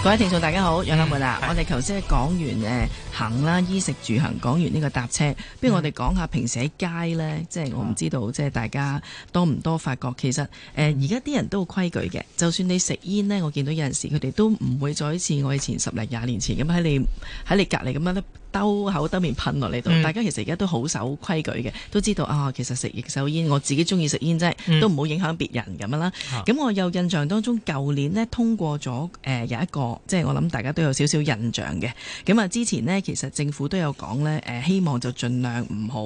各位聽眾大家好，楊立文啊，我哋頭先講完誒、呃、行啦，衣食住行講完呢個搭車，不如我哋講下平時喺街呢、嗯，即係我唔知道，即係大家多唔多發覺，其實誒而家啲人都好規矩嘅，就算你食煙呢，我見到有陣時佢哋都唔會再好似我以前十零廿年前咁喺你喺你隔離咁樣兜口兜面噴落嚟度，大家其實而家都好守規矩嘅，都知道啊、哦，其實食二手煙，我自己中意食煙啫、嗯，都唔好影響別人咁樣啦。咁、啊、我又印象當中，舊年呢通過咗誒、呃、有一個，即係我諗大家都有少少印象嘅。咁啊，之前呢，其實政府都有講呢，誒、呃，希望就盡量唔好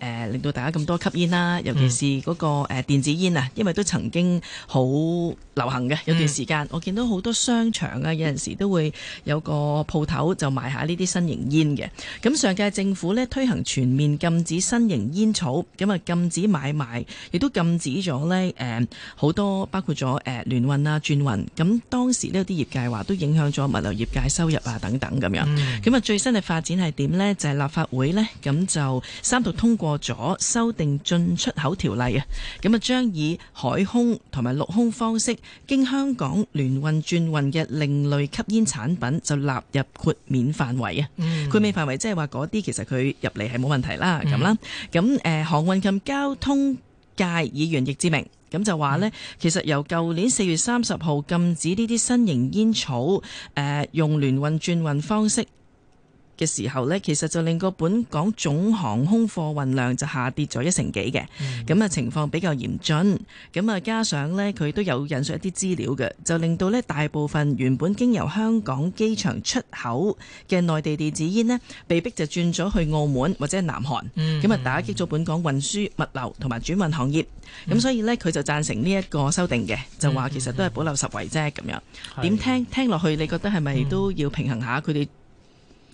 誒令到大家咁多吸煙啦，尤其是嗰、那個誒、嗯呃、電子煙啊，因為都曾經好流行嘅有段時間。嗯、我見到好多商場啊，有陣時都會有個鋪頭就賣下呢啲新型煙。嘅，咁上屆政府呢，推行全面禁止新型煙草，咁啊禁止買賣，亦都禁止咗呢誒好多包括咗誒聯運啊、轉運，咁當時呢啲業界話都影響咗物流業界收入啊等等咁樣。咁啊最新嘅發展係點呢？就係、是、立法會呢，咁就三讀通過咗修訂進出口條例啊，咁啊將以海空同埋陸空方式經香港聯運轉運嘅另類吸煙產品就納入豁免範圍啊，嗯咩範圍，即係話嗰啲，其實佢入嚟係冇問題啦，咁、嗯、啦。咁誒、呃，航運及交通界議員易志明，咁就話呢、嗯，其實由舊年四月三十號禁止呢啲新型煙草誒、呃、用聯運轉運方式，嗯嘅時候呢，其實就令個本港總航空貨運量就下跌咗一成幾嘅，咁、嗯、啊情況比較嚴峻，咁啊加上呢，佢都有引述一啲資料嘅，就令到呢大部分原本經由香港機場出口嘅內地電子煙呢，被逼就轉咗去澳門或者係南韓，咁、嗯、啊打擊咗本港運輸物流同埋轉運行業，咁、嗯、所以呢，佢就贊成呢一個修訂嘅，就話其實都係保留十位啫咁樣。點聽聽落去，你覺得係咪都要平衡下佢哋？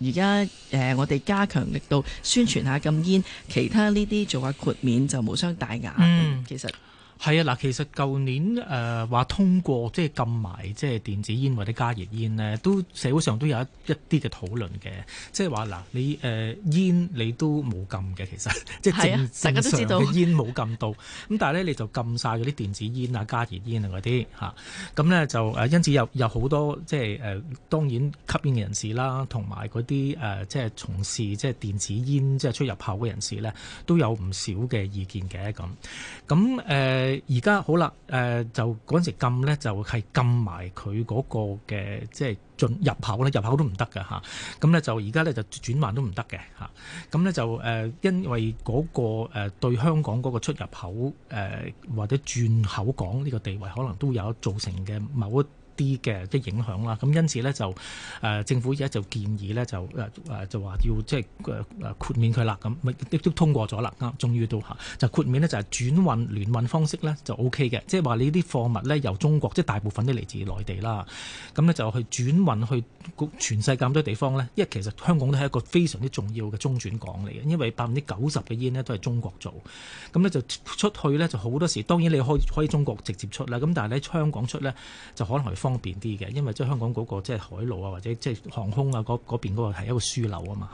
而家誒，我哋加強力度宣傳下禁煙，其他呢啲做下豁免就無傷大雅。嗯，其實係啊，嗱，其實舊年誒話、呃、通過即係禁埋即係電子煙或者加熱煙咧，都社會上都有一一啲嘅討論嘅，即係話嗱，你誒、呃、煙你都冇禁嘅，其實即係正、係啊、正常嘅煙冇禁到，咁但係咧你就禁晒嗰啲電子煙啊、 加熱煙啊嗰啲嚇，咁咧就誒因此有有好多即係誒當然吸煙嘅人士啦，同埋嗰啲誒即係從事即係電子煙即係出入口嘅人士咧，都有唔少嘅意見嘅咁，咁誒。呃而家好啦，就嗰陣時禁咧，就係禁埋佢嗰個嘅，即係進入口咧，入口都唔得㗎吓，咁咧就而家咧就轉運都唔得嘅。咁咧就因為嗰個誒對香港嗰個出入口，或者轉口港呢個地位，可能都有造成嘅某啲嘅啲影響啦，咁因此咧就誒、呃、政府而家就建議咧就誒誒、呃、就話要即係誒誒豁免佢啦，咁亦都通過咗啦，啱，終於都嚇就豁免咧就係、是、轉運聯運方式咧就 O K 嘅。即係話你啲貨物咧由中國即係、就是、大部分都嚟自內地啦，咁咧就去轉運去全世界咁多地方咧，因為其實香港都係一個非常之重要嘅中轉港嚟嘅，因為百分之九十嘅煙咧都係中國做，咁咧就出去咧就好多時當然你可以可以中國直接出啦，咁但係咧香港出咧就可能係方便啲嘅，因為即係香港嗰個即係海路啊，或者即係航空啊，嗰嗰邊嗰個係一個樞紐啊嘛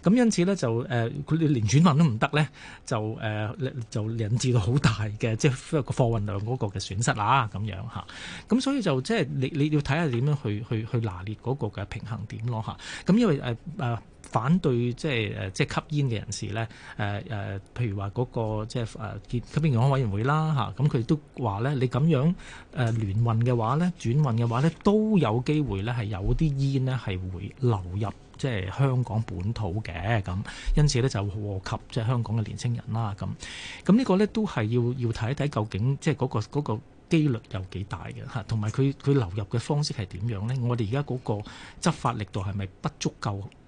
吓，咁因此咧就誒，佢哋連轉運都唔得咧，就誒，就引致到好大嘅即係個貨運量嗰個嘅損失啦，咁樣吓，咁所以就即係你你要睇下點樣去去去拿捏嗰個嘅平衡點咯吓，咁因為誒誒。反對即係即吸煙嘅人士咧，誒、呃、譬如話嗰、嗰個即係誒吸煙健康委員會啦，咁佢都話咧，你咁樣誒聯運嘅話咧，轉運嘅話咧，都有機會咧係有啲煙呢係會流入即係香港本土嘅，咁，因此咧就涉及即係香港嘅年青人啦咁。咁呢個咧都係要要睇一睇究竟，即係、嗰、嗰個嗰、嗰個、機率有幾大嘅，同埋佢佢流入嘅方式係點樣咧？我哋而家嗰個執法力度係咪不，不足夠？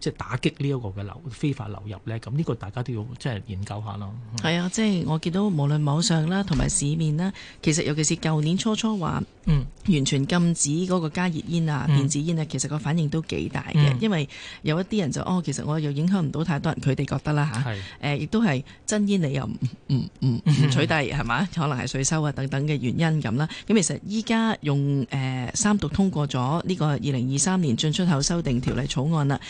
即係打擊呢一個嘅流非法流入咧，咁呢個大家都要即係研究下咯。係、嗯、啊，即、就、係、是、我見到無論網上啦，同埋市面啦，其實尤其是舊年初初話完全禁止嗰個加熱煙啊、電、嗯、子煙啊，其實個反應都幾大嘅、嗯，因為有一啲人就哦，其實我又影響唔到太多人，佢哋覺得啦吓，係、啊。亦都係真煙你又唔取締係嘛？可能係稅收啊等等嘅原因咁啦。咁其實依家用三讀通過咗呢個二零二三年進出口修訂條例草案啦，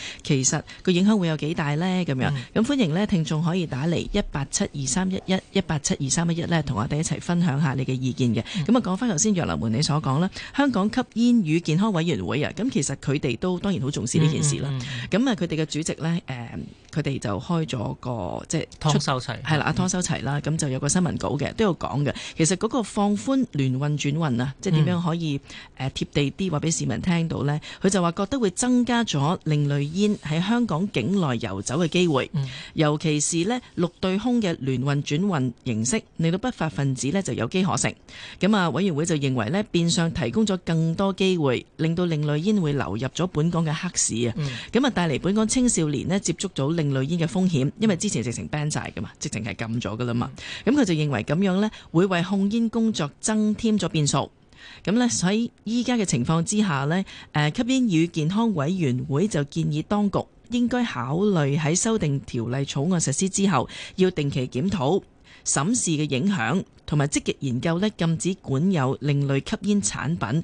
其實個影響會有幾大呢？咁樣咁歡迎呢。聽眾可以打嚟一八七二三一一一八七二三一一咧，同我哋一齊分享下你嘅意見嘅。咁、嗯、啊，講翻頭先，若林門你所講啦，香港吸煙與健康委員會啊，咁其實佢哋都當然好重視呢件事啦。咁、嗯、啊，佢哋嘅主席呢？誒、嗯。佢哋就開咗個即係湯修齊，係啦，阿湯修齊啦，咁就有個新聞稿嘅，都有講嘅。其實嗰個放寬聯運轉運啊、嗯，即係點樣可以誒貼地啲話俾市民聽到呢？佢就話覺得會增加咗另類煙喺香港境內遊走嘅機會、嗯，尤其是呢陸對空嘅聯運轉運形式，令到不法分子呢就有機可乘。咁啊，委員會就認為呢變相提供咗更多機會，令到另類煙會流入咗本港嘅黑市啊。咁、嗯、啊，帶嚟本港青少年呢，接觸咗另。類煙嘅風險，因為之前直情 ban 晒噶嘛，直情係禁咗噶啦嘛。咁佢就認為咁樣呢會為控煙工作增添咗變數。咁呢所以依家嘅情況之下咧，誒，吸煙與健康委員會就建議當局應該考慮喺修訂條例草案實施之後，要定期檢討審視嘅影響，同埋積極研究呢禁止管有另類吸煙產品，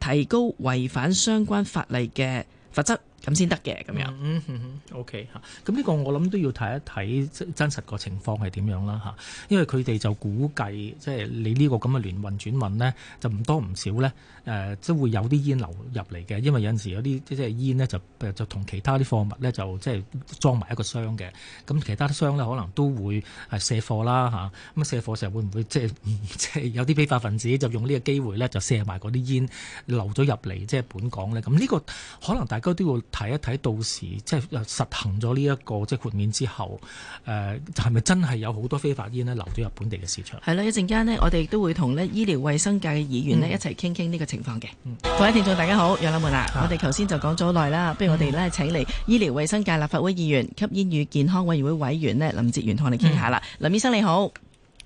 提高違反相關法例嘅罰則。咁先得嘅，咁樣。嗯嗯嗯，OK 嚇。咁呢個我諗都要睇一睇真實個情況係點樣啦嚇。因為佢哋就估計，即係你呢個咁嘅聯運轉運呢，就唔多唔少呢，誒，都會有啲煙流入嚟嘅。因為有陣時有啲即係煙呢，就就同其他啲貨物呢，就即係裝埋一個箱嘅。咁其他啲箱呢，可能都會係卸貨啦嚇。咁卸貨時候會唔會即係即係有啲非法分子就用呢個機會呢，就卸埋嗰啲煙流咗入嚟即係本港呢。咁呢個可能大家都要。睇一睇到時即係實行咗呢一個即係豁免之後，誒係咪真係有好多非法煙呢流咗入本地嘅市場？係啦，一陣間呢，我哋都會同呢醫療衛生界嘅議員呢一齊傾傾呢個情況嘅、嗯。各位聽眾大家好，養眼門啊！我哋頭先就講咗耐啦，不如我哋呢請嚟醫療衛生界立法會議員、嗯、吸煙與健康委員會委員呢林哲玄同我哋傾下啦、嗯。林醫生你好。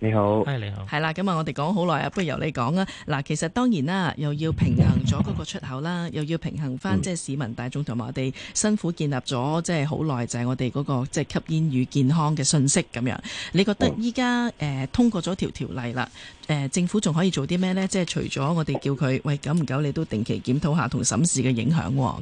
你好，係你好，係啦，咁啊，我哋講好耐啊，不如由你講啊。嗱，其實當然啦，又要平衡咗嗰個出口啦， 又要平衡翻即係市民 大眾同埋我哋辛苦建立咗即係好耐，就係我哋嗰個即係吸煙與健康嘅信息咁樣。你覺得依家誒通過咗條條例啦，誒、呃、政府仲可以做啲咩呢？即、就、係、是、除咗我哋叫佢喂，久唔久你都定期檢討下同審視嘅影響咁、哦。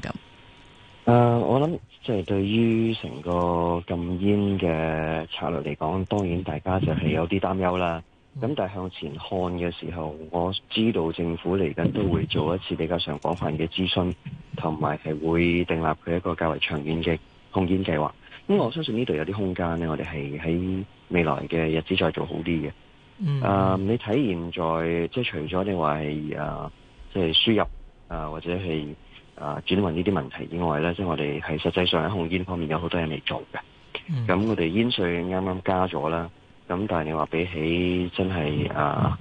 誒、uh,，我諗即係對於成個禁煙嘅策略嚟講，當然大家就係有啲擔憂啦。咁、mm -hmm. 但係向前看嘅時候，我知道政府嚟緊都會做一次比較上廣泛嘅諮詢，同埋係會訂立佢一個較為長遠嘅控煙計劃。咁我相信呢度有啲空間咧，我哋係喺未來嘅日子再做好啲嘅。誒、mm -hmm.，uh, 你睇現在即係、就是、除咗你話係誒，即係輸入誒、啊，或者係。啊，轉運呢啲問題以外呢，即係我哋係實際上喺控煙方面有好多嘢未做嘅。咁、嗯、我哋煙稅啱啱加咗啦，咁但係你話比起真係啊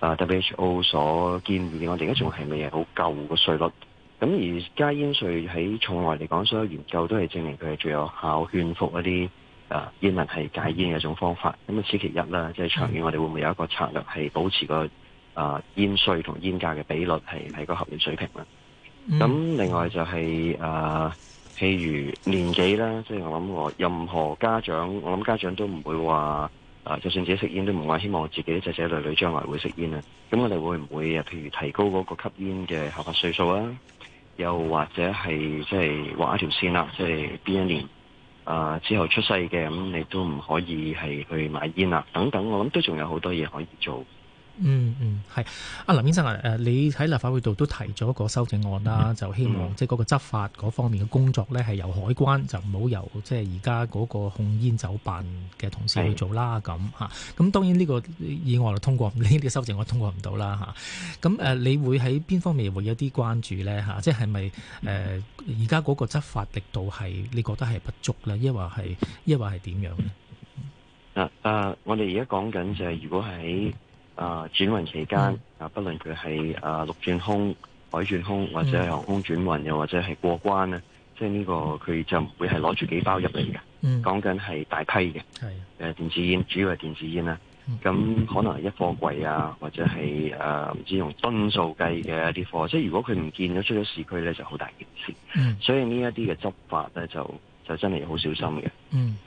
啊 WHO 所建議，我哋而家仲係咪好舊個稅率？咁而加煙稅喺從來嚟講，所有研究都係證明佢係最有效勸服一啲啊煙民係戒煙嘅一種方法。咁啊，此其一啦。即係長遠，我哋會唔會有一個策略係保持個啊煙稅同煙價嘅比率係喺個合理水平咧？咁、嗯、另外就係、是、誒、呃，譬如年紀啦，即係我諗任何家長我諗家長都唔會話、呃、就算自己食煙都唔會話希望自己仔仔女女將來會食煙啊。咁我哋會唔會啊？譬如提高嗰個吸煙嘅合法歲數啊，又或者係即係畫一條線啦，即係邊一年誒、呃、之後出世嘅咁，你都唔可以係去買煙啦。等等，我諗都仲有好多嘢可以做。嗯嗯，係、嗯、阿林醫生啊，誒，你喺立法會度都提咗一個修正案啦、嗯，就希望即係嗰個執法嗰方面嘅工作咧，係由海關、嗯、就唔好由即係而家嗰個控煙酒辦嘅同事去做啦，咁吓，咁當然呢個議案就通過，呢、這、啲、個、修正案通過唔到啦吓，咁誒，你會喺邊方面會有啲關注咧吓，即係咪誒而家嗰個執法力度係你覺得係不足咧，抑或係抑或係點樣咧？嗱、啊，誒、啊，我哋而家講緊就係如果喺啊、呃！轉運期間啊、嗯，不論佢係啊陸轉空、海轉空，或者航空轉運，又或者係過關咧，即係呢個佢就唔會係攞住幾包入嚟嘅，講緊係大批嘅。係誒、呃、電子煙，主要係電子煙啦。咁、嗯、可能係一貨櫃啊，或者係啊唔知用噸數計嘅一啲貨。即、嗯、係如果佢唔見咗出咗市區呢，就好大件事。嗯、所以呢一啲嘅執法呢，就，就真係好小心嘅。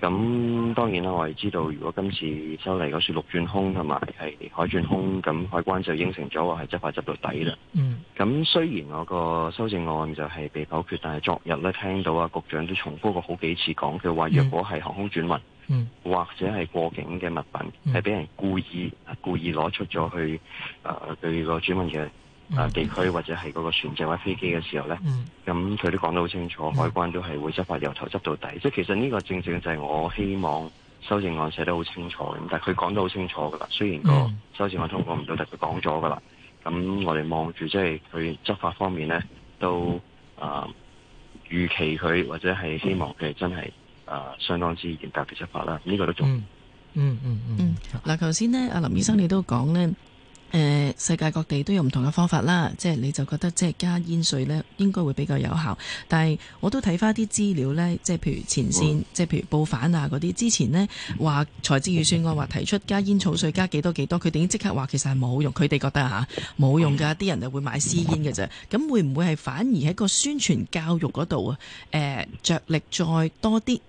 咁、嗯、當然啦，我係知道，如果今次收嚟嗰串陸轉空同埋係海轉空，咁、嗯、海關就應承咗我係執法執法到底啦。咁、嗯、雖然我個修正案就係被否決，但係昨日咧聽到啊局長都重複過好幾次講，佢話若果係航空轉運，嗯嗯、或者係過境嘅物品係俾、嗯、人故意故意攞出咗去，誒對個轉運嘅。啊，地區或者係嗰個船隻或者飛機嘅時候呢，咁、嗯、佢都講得好清楚、嗯，海關都係會執法由頭執到底。即、嗯、係、就是、其實呢個正正就係我希望修正案寫得好清楚。咁但係佢講得好清楚㗎喇，雖然個修正案通過唔到、嗯，但佢講咗㗎喇。咁我哋望住即係佢執法方面呢，都啊、嗯呃、預期佢或者係希望佢真係啊、呃、相當之嚴格嘅執法啦。呢、呢個都仲嗯嗯嗯嗯。嗱、嗯，頭、嗯、先、嗯嗯啊、呢，阿林醫生你都講呢。誒世界各地都有唔同嘅方法啦，即係你就覺得即係加煙稅呢應該會比較有效，但係我都睇翻啲資料呢，即係譬如前線，即係譬如報反啊嗰啲之前呢話財政預算案話提出加煙草稅加幾多幾多，佢哋已經即刻話其實係冇用，佢哋覺得嚇冇用㗎，啲人就會買私煙嘅啫。咁會唔會係反而喺個宣傳教育嗰度啊？呃、着力再多啲。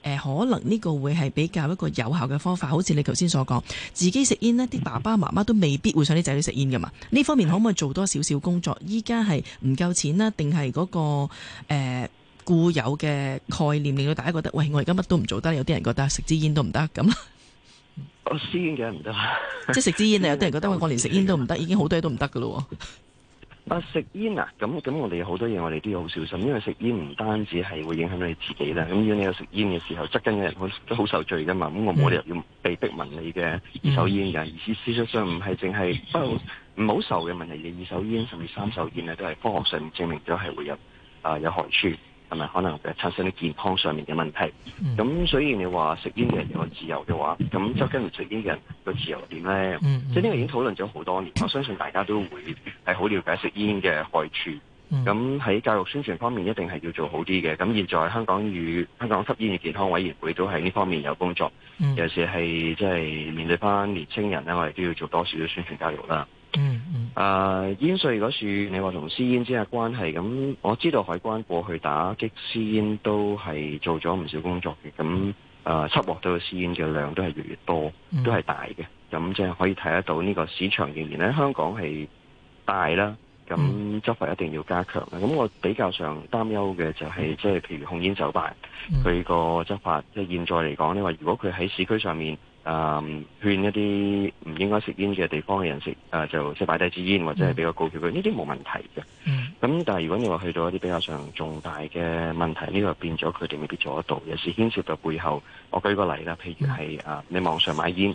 誒、呃，可能呢個會係比較一個有效嘅方法，好似你頭先所講，自己食煙呢啲爸爸媽媽都未必會想啲仔女食煙噶嘛。呢方面可唔可以做多少少工作？依家係唔夠錢啦，定係嗰個誒、呃、固有嘅概念，令到大家覺得，喂，我而家乜都唔做得，有啲人覺得食支煙都唔得咁。我 食煙嘅唔得，即 係食支煙，有啲人覺得 我連食煙都唔得，已經好多嘢都唔得噶咯。啊！食煙啊，咁，咁我哋好多嘢我哋都要好小心，因為食煙唔單止係會影響到你自己啦。咁如果你有食煙嘅時候，側跟嘅人好都好受罪㗎嘛。咁我冇理由要被逼聞你嘅二手煙㗎、嗯，而事實上唔係淨係不唔好受嘅問題，嘅二手煙甚至三手煙呢，都係科學上證明咗係會有啊、呃、有害處。係咪可能產生啲健康上面嘅問題？咁、嗯、所以你話食煙嘅人有自由嘅話，咁周跟唔食煙嘅人個自由點呢？即係呢個已經討論咗好多年，我相信大家都會係好了解食煙嘅害處。咁、嗯、喺教育宣傳方面一定係要做好啲嘅。咁現在香港與香港吸煙與健康委員會都喺呢方面有工作，尤其係即係面對翻年青人咧，我哋都要做多少少宣傳教育啦。嗯，誒、嗯，煙稅嗰處，你話同私煙之間嘅關係，咁我知道海關過去打擊私煙都係做咗唔少工作嘅，咁誒、緝、呃、獲到私煙嘅量都係越來越多，嗯、都係大嘅，咁即係可以睇得到呢個市場仍然咧，香港係大啦，咁執法一定要加強啦。咁我比較上擔憂嘅就係、是，即、就、係、是、譬如控煙酒吧，佢個執法即係、就是、現在嚟講，你話如果佢喺市區上面。啊、嗯，勸一啲唔應該食煙嘅地方嘅人食，啊、呃、就即擺低支煙或者畀比較告誡佢，呢啲冇問題嘅。咁、嗯、但係如果你話去到一啲比較上重大嘅問題，呢、呢個變咗佢哋未必做得到，有時牽涉到背後。我舉個例啦，譬如係、嗯、啊，你網上買煙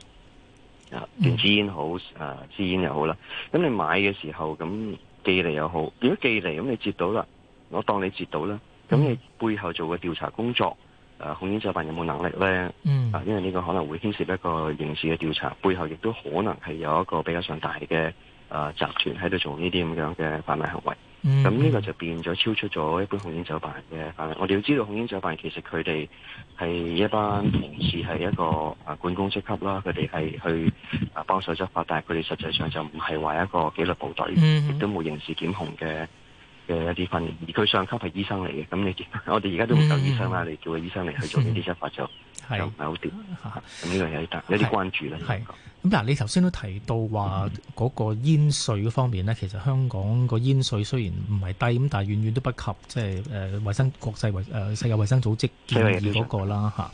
啊，電、嗯、子煙好啊，紙煙又好啦。咁你買嘅時候咁寄嚟又好，如果寄嚟咁你接到啦，我當你接到啦。咁、嗯、你背後做個調查工作。誒控煙酒辦有冇能力咧？嗯，啊，因為呢個可能會牽涉一個刑事嘅調查，背後亦都可能係有一個比較上大嘅誒、呃、集團喺度做呢啲咁樣嘅販賣行為。嗯，咁呢個就變咗超出咗一般控煙酒辦嘅範圍。我哋要知道控煙酒辦其實佢哋係一班同事係一個誒管工職級啦，佢哋係去誒幫手執法， 但係佢哋實際上就唔係話一個紀律部隊，亦都冇刑事檢控嘅。嘅一啲分，而佢上級係醫生嚟嘅。咁你我哋而家都唔夠醫生啦，你叫個醫生嚟去做呢啲執法就就唔係好掂，咁呢個有啲有啲關注啦。係咁。嗱，你頭先都提到話嗰個煙稅方面呢，其實香港個煙稅雖然唔係低，咁但係遠遠都不及即係誒衞生國際衞誒世界衞生組織建議嗰、嗰個啦嚇。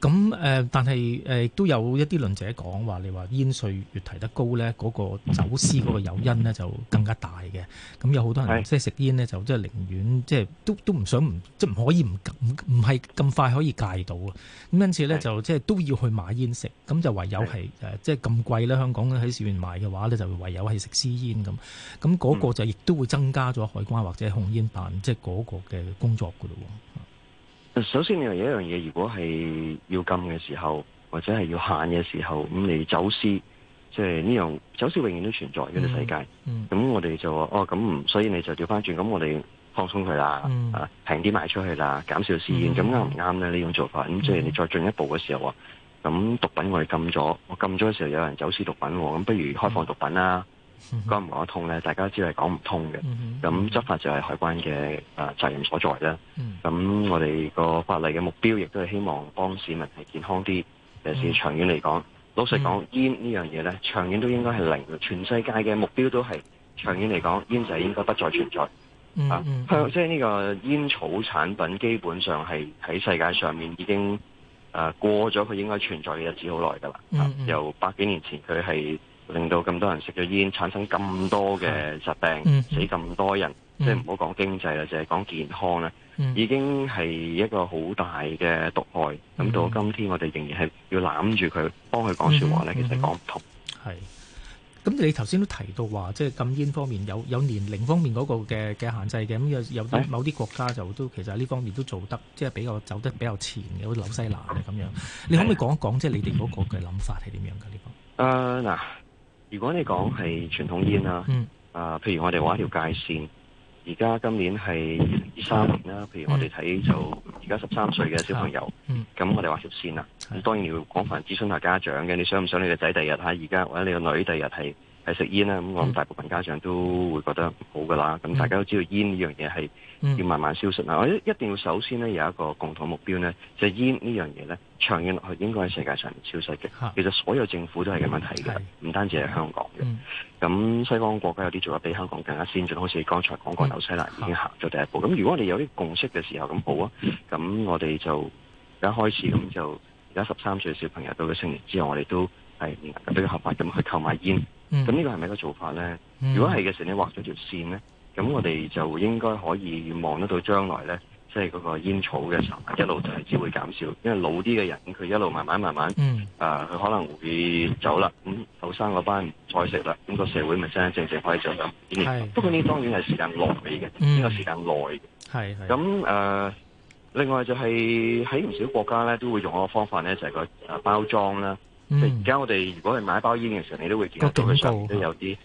咁誒、啊，但係誒都有一啲論者講話，說你話煙稅越提得高咧，嗰、嗰個走私嗰個誘因呢就更加大嘅。咁有好多人即係食煙咧就寧願即係寧願即係都都唔想唔即係唔可以唔唔係咁快可以戒到啊！咁因此咧就即係都要去買煙食，咁就唯有係誒即係咁貴咧，香港喺市面賣嘅話咧就唯有係食私煙咁，咁、那、嗰個就亦都會增加咗海關或者控煙辦即係嗰個嘅工作噶咯。首先，你有一樣嘢，如果係要禁嘅時候，或者係要限嘅時候，咁你走私。.即係呢樣走私永遠都存在嘅個世界，咁我哋就話哦咁，所以你就調翻轉，咁我哋放鬆佢啦，啊平啲賣出去啦，減少事件，咁啱唔啱呢？呢種做法。咁即係你再進一步嘅時候話，咁毒品我哋禁咗，我禁咗嘅時候有人走私毒品喎，咁不如開放毒品啦，講唔講得通呢？大家知係講唔通嘅，咁執法就係海關嘅誒責任所在啦。咁我哋個法例嘅目標亦都係希望幫市民係健康啲，尤其是長遠嚟講。老實講，煙呢樣嘢呢，長遠都應該係零的。全世界嘅目標都係長遠嚟講，煙就係應該不再存在。嗯、啊，即係呢個煙草產品，基本上係喺世界上面已經誒、呃、過咗佢應該存在嘅日子好耐噶啦。由百幾年前，佢係令到咁多人食咗煙，產生咁多嘅疾病，嗯、死咁多人。即係唔好講經濟啦，就係、是、講、就是、健康啦。嗯、已經係一個好大嘅毒害，咁、嗯、到今天我哋仍然係要攬住佢，幫佢講說話咧、嗯嗯，其實講唔通。係，咁你頭先都提到話，即、就、係、是、禁煙方面有有年齡方面嗰個嘅嘅限制嘅，咁有有某啲國家就都、哎、其實呢方面都做得，即、就、係、是、比較走得比較前嘅，好似紐西蘭咁樣。你可唔可以講一講，嗯、即係你哋嗰個嘅諗法係點樣噶？呢個？誒嗱，如果你講係傳統煙、嗯嗯、啊，誒，譬如我哋畫一條界線。嗯嗯而家今年係二三年啦，譬如我哋睇就而家十三歲嘅小朋友，咁、嗯嗯、我哋畫條線啦，咁當然要廣泛諮詢下家長嘅，你想唔想你個仔第日嚇而家，或者你個女第日係？係食煙啦，咁我諗大部分家長都會覺得唔好噶啦。咁大家都知道煙呢樣嘢係要慢慢消失啦。我一定要首先呢，有一個共同目標呢，就係、煙呢樣嘢呢，長遠落去應該喺世界上面消失嘅。其實所有政府都係咁樣睇嘅，唔單止係香港嘅。咁西方國家有啲做法比香港更加先進，好似剛才講過紐西蘭已經行咗第一步。咁如果我哋有啲共識嘅時候，咁好啊。咁我哋就而家開始咁就而家十三歲小朋友到咗成年之後，我哋都係唔能夠俾佢合法咁去購買煙。咁、嗯、呢個係咪一個做法咧、嗯？如果係嘅時，你畫咗條線咧，咁我哋就應該可以望得到將來咧，即係嗰個煙草嘅產一路就係只會減少，因為老啲嘅人，佢一路慢慢慢慢，啊、呃，佢可能會走啦。咁後生嗰班唔再食啦，咁個社會咪真正正可以就咁。不過呢，當然係時間落尾嘅，呢、嗯、個時間耐。嘅。係。咁誒、呃，另外就係喺唔少國家咧，都會用一個方法咧，就係、是、個包裝啦。即而家我哋如果係買一包煙嘅時候，你都會見到佢上面都有啲，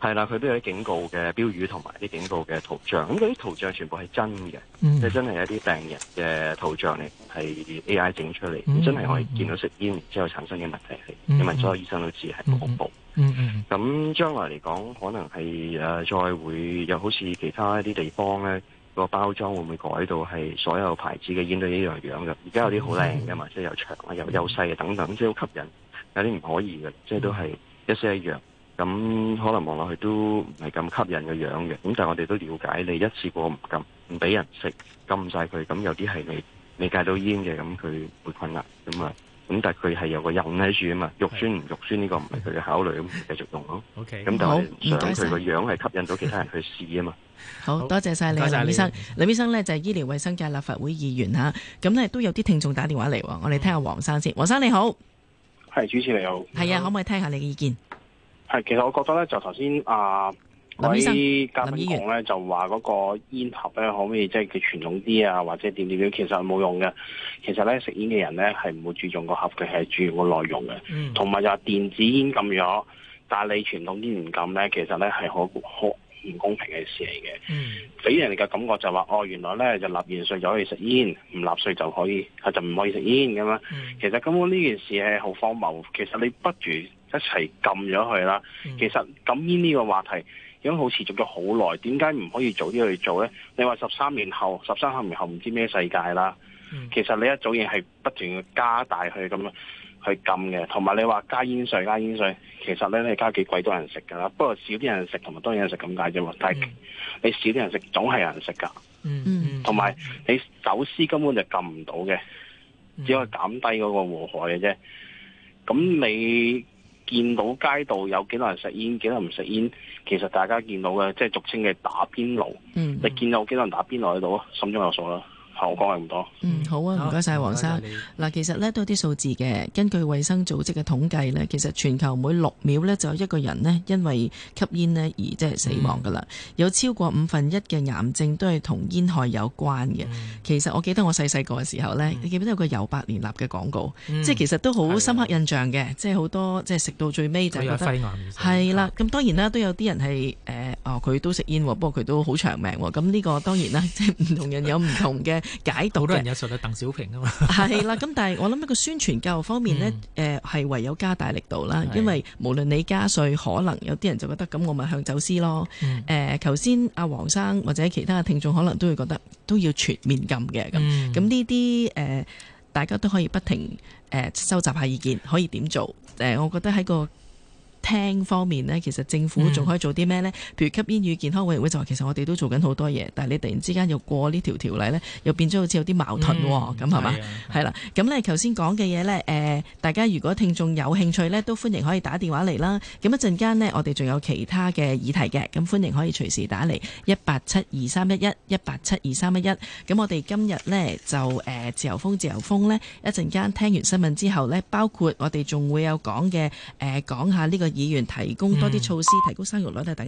係啦，佢都有啲警告嘅、嗯、標語同埋啲警告嘅圖像。咁嗰啲圖像全部係真嘅，即、嗯、係、就是、真係一啲病人嘅圖像嚟，係 A I 整出嚟，真係可以見到食煙之後產生嘅問題係，因為所有醫生都知係恐怖。嗯嗯，咁、嗯、將、嗯、來嚟講，可能係誒再會又好似其他一啲地方咧。個包裝會唔會改到係所有牌子嘅煙都一樣樣嘅？而家有啲好靚嘅嘛，即係又長啊，又又細啊等等，即係好吸引，有啲唔可以嘅，即係都係一式一樣，咁可能望落去都唔係咁吸引嘅樣嘅。咁但係我哋都了解，你一次過唔禁唔俾人食禁晒佢，咁有啲係你你戒到煙嘅，咁佢會困難咁啊。咁但係佢係有個印喺住啊嘛，肉酸唔肉酸呢個唔係佢嘅考慮，咁繼續用咯。OK，咁但係想佢個樣係吸引到其他人去試啊嘛。好多謝晒你，謝謝你林醫生，謝謝林醫生咧就係醫療衛生界立法會議員吓，咁咧都有啲聽眾打電話嚟，我哋聽下黃生先。黃生你好，係，主持你好。係啊，可唔可以聽下你嘅意見？係，其實我覺得咧就頭先啊。呃位嘉賓講咧就話嗰個煙盒咧可唔可以即係佢傳統啲啊，或者點點樣其實係冇用嘅。其實咧食煙嘅人咧係唔會注重個盒嘅，係主要個內容嘅。同埋就話電子煙禁咗，但係你傳統煙唔禁咧，其實咧係好好唔公平嘅事嚟嘅。嗯，俾人嘅感覺就話哦，原來咧就納完稅，就可以食煙，唔納稅就可以，就唔可以食煙咁啊。其實咁我呢件事係好荒謬。其實你不如一齊禁咗佢啦。其實禁煙呢個話題。已經好持續咗好耐，點解唔可以早啲去做咧？你話十三年後、十三年後唔知咩世界啦，嗯。其實你一早已經係不斷加大去咁樣去禁嘅，同埋你話加煙稅、加煙稅，其實咧你加幾鬼多人食㗎啦。不過少啲人食同埋多人食咁解啫喎。但係你少啲人食，總係有人食㗎。嗯嗯，同埋你走私根本就禁唔到嘅，只可以減低嗰個禍害嘅啫。咁你，見到街道有幾多人食煙，幾多人唔食煙，其實大家見到嘅即係俗稱嘅打邊爐。嗯，你見到有幾多人打邊爐喺度，心中有數啦。效果係唔多。嗯，好啊，唔該晒黃生。嗱，其實咧都有啲數字嘅。根據衛生組織嘅統計咧，其實全球每六秒咧就有一個人呢，因為吸煙呢而即係死亡㗎啦、嗯。有超過五分一嘅癌症都係同煙害有關嘅、嗯。其實我記得我細細個嘅時候呢、嗯，你記唔記得有個尤伯連納嘅廣告？嗯、即係其實都好深刻印象嘅。即係好多即係食到最尾就肺癌。係啦。咁當然啦，都有啲人係誒哦，佢都食煙喎，不過佢都好長命喎。咁呢個當然啦，即係唔同人有唔同嘅。 解讀多人有熟到鄧小平啊嘛 係啦，咁但係我諗一個宣傳教育方面呢、嗯呃，誒係唯有加大力度啦，因為無論你加稅，可能有啲人就覺得咁我咪向走私咯。誒、嗯呃，頭先阿黃生或者其他嘅聽眾可能都會覺得都要全面禁嘅咁。咁呢啲誒，大家都可以不停誒、呃、收集下意見，可以點做？誒、呃，我覺得喺個。聽方面呢，其實政府仲可以做啲咩呢、嗯？譬如吸煙與健康委員會就話，其實我哋都做緊好多嘢，但係你突然之間又過呢條條例呢，又變咗好似有啲矛盾喎，咁係嘛？係啦，咁、嗯、呢，頭先講嘅嘢呢，誒、嗯呃，大家如果聽眾有興趣呢，都歡迎可以打電話嚟啦。咁一陣間呢，我哋仲有其他嘅議題嘅，咁歡迎可以隨時打嚟一八七二三一一一八七二三一一。咁我哋今日呢，就、呃、誒自由風自由風呢，一陣間聽完新聞之後呢，包括我哋仲會有講嘅誒，講、呃、下呢、呢個。議員提供多啲措施，提高生育率啊，等等。